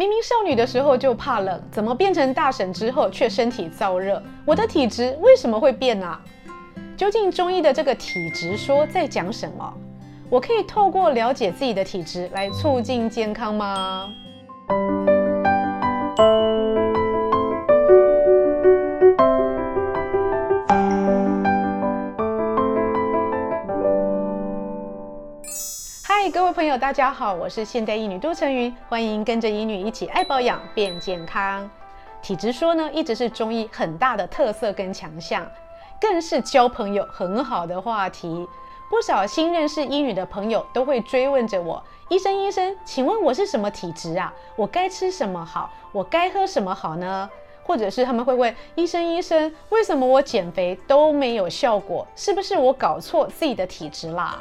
明明少女的時候就怕冷，怎麼變成大嬸之後卻身體燥熱？我的體質為什麼會變啊？究竟中醫的這個體質說在講什麼？我可以透過了解自己的體質來促進健康嗎？各位朋友，大家好，我是現代醫女杜晨雲，歡迎跟着醫女一起愛保養變健康。體質說呢，一直是中醫很大的特色跟強項，更是交朋友很好的話題。不少新認識醫女的朋友都會追問着我：“醫生醫生，請問我是什麼體質啊？我該吃什麼好？我該喝什麼好呢？”或者是他們會問：“醫生醫生，為什麼我減肥都沒有效果？是不是我搞錯自己的體質啦？”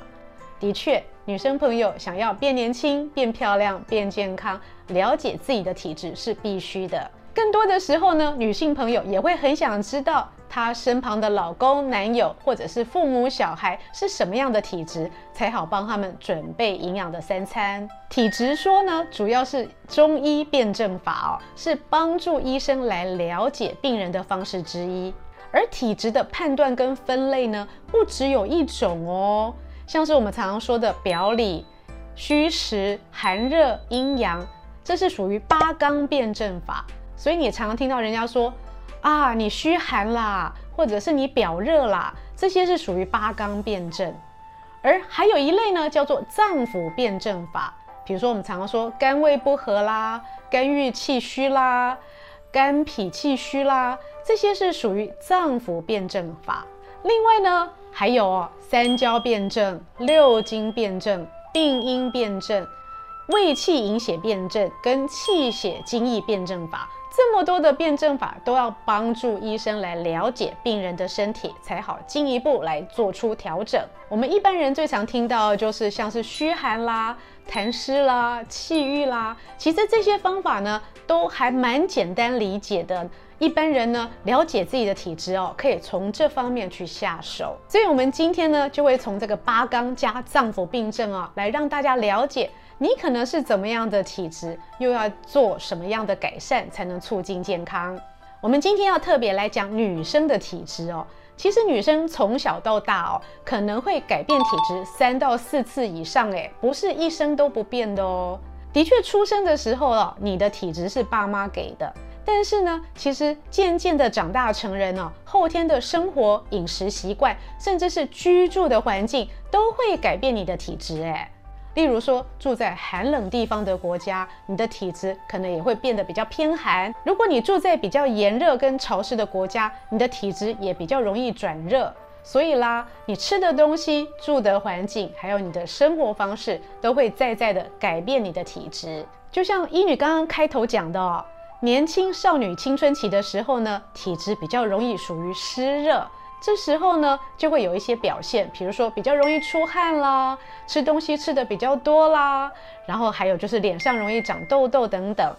的確，女生朋友想要變年輕、變漂亮、變健康，了解自己的體質是必須的。更多的時候呢，女性朋友也會很想知道她身旁的老公、男友或者是父母、小孩是什麼樣的體質，才好幫他們準備營養的三餐。體質說呢，主要是中醫辨證法哦，是幫助醫生來了解病人的方式之一。而體質的判斷跟分類呢，不只有一種哦。像是我們常常說的表裡、虛實、寒熱、陰陽，這是屬於八綱辨證法。所以你常常聽到人家說啊，你虛寒啦，或者是你表熱啦，這些是屬於八綱辨證。而還有一類呢，叫做臟腑辨證法。比如說我們常常說肝胃不和啦，肝鬱氣虛啦，肝脾氣虛啦，這些是屬於臟腑辨證法。另外呢，還有、哦、三焦辨證、六經辨證、病因辨證、衛氣營血辨證跟氣血津液辨證法，這麼多的辨證法都要幫助醫生來了解病人的身體，才好進一步來做出調整。我們一般人最常聽到的就是像是虛寒啦、痰濕啦、氣鬱啦，其實這些方法呢都還蠻簡單理解的。一般人呢，了解自己的體質哦，可以從這方面去下手。所以，我們今天呢，就會從這個八綱加臟腑病症啊、哦，來讓大家了解你可能是怎麼樣的體質，又要做什麼樣的改善，才能促進健康。我們今天要特別來講女生的體質哦。其實，女生從小到大哦，可能會改變體質三到四次以上，哎，不是一生都不變的哦。的確，出生的時候哦，你的體質是爸媽給的。但是呢，其實漸漸的長大的成人哦，後天的生活、飲食習慣，甚至是居住的環境，都會改變你的體質。誒，例如說住在寒冷地方的國家，你的體質可能也會變得比較偏寒；如果你住在比較炎熱跟潮濕的國家，你的體質也比較容易轉熱。所以啦，你吃的東西、住的環境，還有你的生活方式，都會在在的改變你的體質。就像英語剛剛開頭講的哦。年輕少女青春期的時候呢，體質比較容易屬於濕熱，這時候呢，就會有一些表現，比如說比較容易出汗啦，吃東西吃得比較多啦，然後還有就是臉上容易長痘痘等等。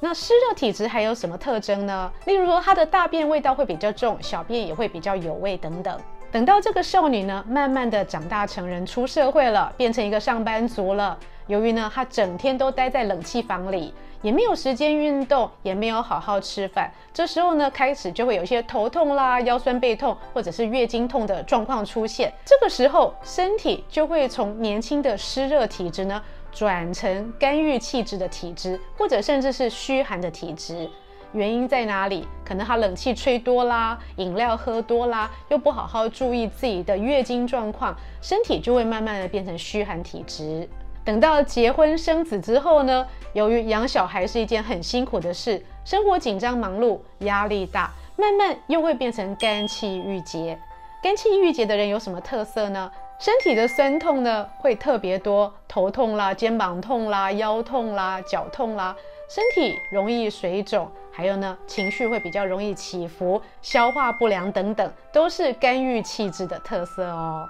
那濕熱體質還有什麼特徵呢？例如說她的大便味道會比較重，小便也會比較有味等等。等到這個少女呢，慢慢的長大成人出社會了，變成一個上班族了。由於呢，他整天都待在冷氣房裡，也沒有時間運動，也沒有好好吃飯。這時候呢，開始就會有一些頭痛啦、腰酸背痛，或者是月經痛的狀況出現。這個時候，身體就會從年輕的濕熱體質呢，轉成肝鬱氣滯的體質，或者甚至是虛寒的體質。原因在哪裡？可能他冷氣吹多啦，飲料喝多啦，又不好好注意自己的月經狀況，身體就會慢慢的變成虛寒體質。等到結婚生子之後呢，由於養小孩是一件很辛苦的事，生活緊張忙碌，壓力大，慢慢又會變成肝氣鬱結。肝氣鬱結的人有什麼特色呢？身體的痠痛呢會特別多，頭痛啦、肩膀痛啦、腰痛啦、腳痛啦，身體容易水腫，還有呢情緒會比較容易起伏，消化不良等等，都是肝鬱氣滯的特色哦。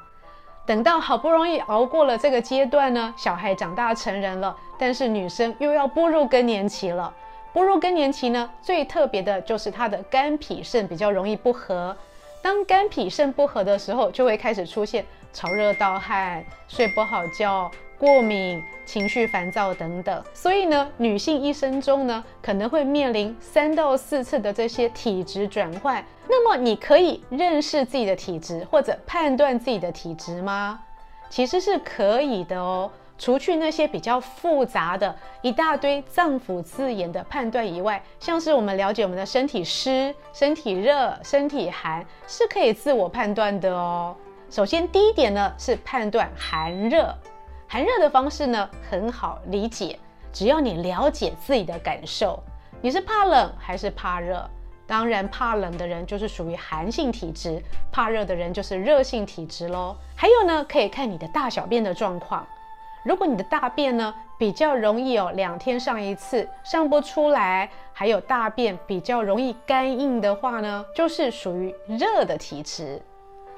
等到好不容易熬過了這個階段呢，小孩長大成人了，但是女生又要步入更年期了。步入更年期呢，最特別的就是她的肝脾腎比較容易不和。當肝脾腎不和的時候，就會開始出現潮熱盜汗、睡不好覺。過敏、情緒煩躁等等，所以呢，女性一生中呢，可能會面臨三到四次的這些體質轉換。那麼，你可以認識自己的體質或者判斷自己的體質嗎？其實是可以的哦。除去那些比較複雜的、一大堆臟腑字眼的判斷以外，像是我們了解我們的身體濕、身體熱、身體寒，是可以自我判斷的哦。首先，第一點呢是判斷寒熱。寒熱的方式呢，很好理解。只要你了解自己的感受，你是怕冷還是怕熱？當然，怕冷的人就是屬於寒性體質，怕熱的人就是熱性體質嘍。還有呢，可以看你的大小便的狀況。如果你的大便呢，比較容易有、哦、兩天上一次，上不出來，還有大便比較容易乾硬的話呢，就是屬於熱的體質。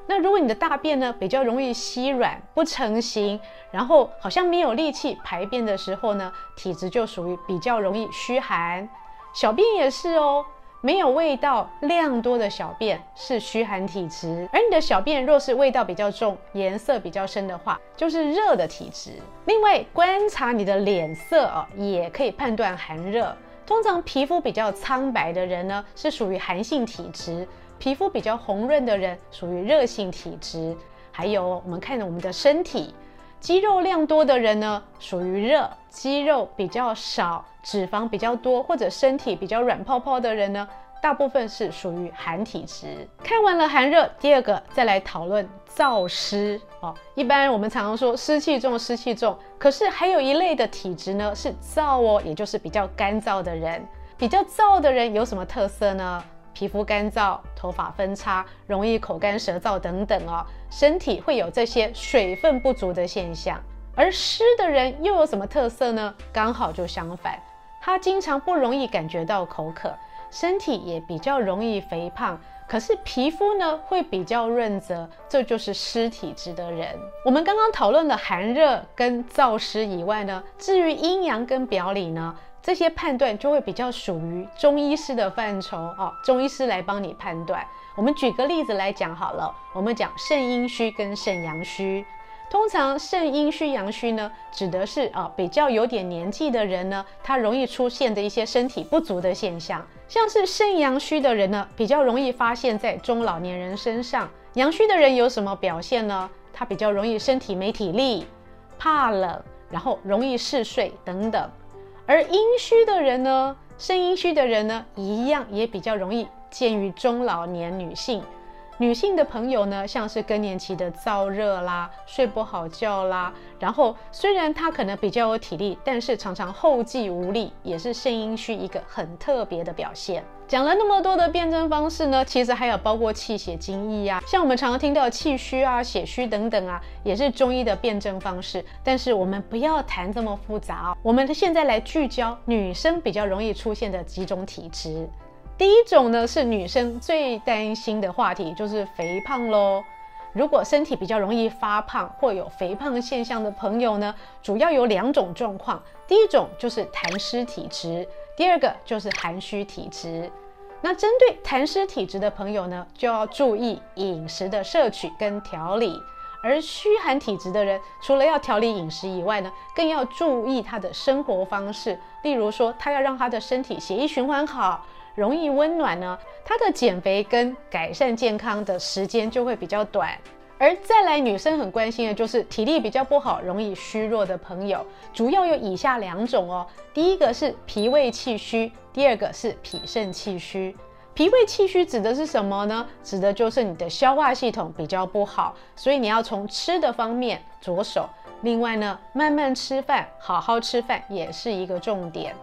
那如果你的大便呢，比較容易稀軟不成形，然後好像沒有力氣排便的時候呢，體質就屬於比較容易虛寒。小便也是哦，沒有味道、量多的小便是虛寒體質，而你的小便若是味道比較重、顏色比較深的話，就是熱的體質。另外，觀察你的臉色哦，也可以判斷寒熱。通常皮膚比較蒼白的人呢，是屬於寒性體質。皮膚比較紅潤的人，屬於熱性體質，還有我們看我們的身體，肌肉量多的人呢，屬於熱，肌肉比較少，脂肪比較多或者身體比較軟泡泡的人呢，大部分是屬於寒體質。看完了寒熱，第二個再來討論燥濕哦。一般我們常常說濕氣重，濕氣重，可是還有一類的體質呢是燥哦，也就是比較乾燥的人，比較燥的人有什麼特色呢？皮膚乾燥、頭髮分叉、容易口乾舌燥等等哦，身體會有這些水分不足的現象。而濕的人又有什麼特色呢？剛好就相反，他經常不容易感覺到口渴，身體也比較容易肥胖，可是皮膚呢會比較潤澤，這就是濕體質的人。我們剛剛討論的寒熱跟燥濕以外呢，至於陰陽跟表裡呢？這些判斷就會比較屬於中醫師的範疇，哦，中醫師來幫你判斷。我們舉個例子來講好了，我們講腎陰虛跟腎陽虛。通常腎陰虛、陽虛呢，指的是啊，哦，比較有點年紀的人呢，他容易出現的一些身體不足的現象。像是腎陽虛的人呢，比較容易發現在中老年人身上。陽虛的人有什麼表現呢？他比較容易身體沒體力，怕冷，然後容易嗜睡等等。而陰虛的人呢，腎陰虛的人呢，一樣也比較容易見於中老年女性。女性的朋友呢，像是更年期的燥熱啦，睡不好覺啦，然後雖然她可能比較有體力，但是常常後繼無力，也是腎陰虛一個很特別的表現。講了那麼多的辨證方式呢，其實還有包括氣血津液呀、啊，像我們常常聽到氣虛啊、血虛等等啊，也是中醫的辨證方式。但是我們不要談這麼複雜哦，我們現在來聚焦女生比較容易出現的幾種體質。第一種呢，是女生最擔心的話題，就是肥胖咯。如果身體比較容易發胖或有肥胖現象的朋友呢，主要有兩種狀況，第一種就是痰濕體質，第二個就是寒虛體質。那針對痰濕體質的朋友呢，就要注意飲食的攝取跟調理；而虛寒體質的人，除了要調理飲食以外呢，更要注意他的生活方式。例如說，他要讓他的身體血液循環好，容易溫暖呢，他的減肥跟改善健康的時間就會比較短。而再來，女生很關心的就是體力比較不好、容易虛弱的朋友，主要有以下兩種哦。第一個是脾胃氣虛，第二個是脾腎氣虛。脾胃氣虛指的是什麼呢？指的就是你的消化系統比較不好，所以你要從吃的方面着手。另外呢，慢慢吃飯、好好吃飯也是一個重點。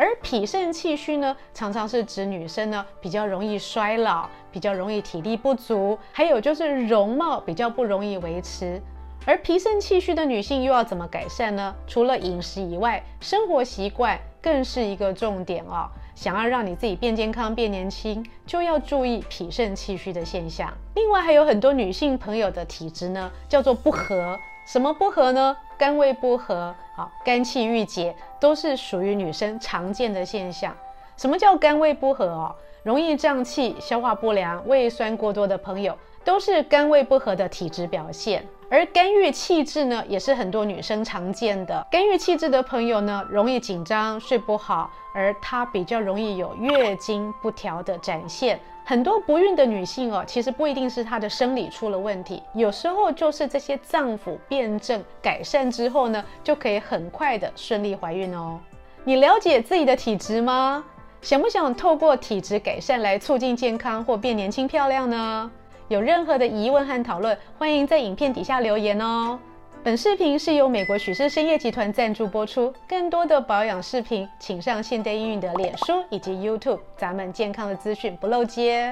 而脾腎氣虛呢，常常是指女生呢比較容易衰老，比較容易體力不足，還有就是容貌比較不容易維持。而脾腎氣虛的女性又要怎麼改善呢？除了飲食以外，生活習慣更是一個重點哦。想要讓你自己變健康、變年輕，就要注意脾腎氣虛的現象。另外，還有很多女性朋友的體質呢，叫做不和。什麼不和呢？肝胃不和，好，肝氣鬱結都是屬於女生常見的現象。什麼叫肝胃不和哦？，容易脹氣、消化不良、胃酸過多的朋友。都是肝胃不和的體質表現，而肝鬱氣滯呢，也是很多女生常見的。肝鬱氣滯的朋友呢，容易緊張、睡不好，而她比較容易有月經不調的展現。很多不孕的女性哦，其實不一定是她的生理出了問題，有時候就是這些臟腑辨證改善之後呢，就可以很快的順利懷孕哦。你了解自己的體質嗎？想不想透過體質改善來促進健康或變年輕漂亮呢？有任何的疑問和討論，歡迎在影片底下留言哦。本視頻是由美國許氏參業集團贊助播出。更多的保養視頻，請上現代英語的臉書以及 YouTube。咱們健康的資訊不漏接。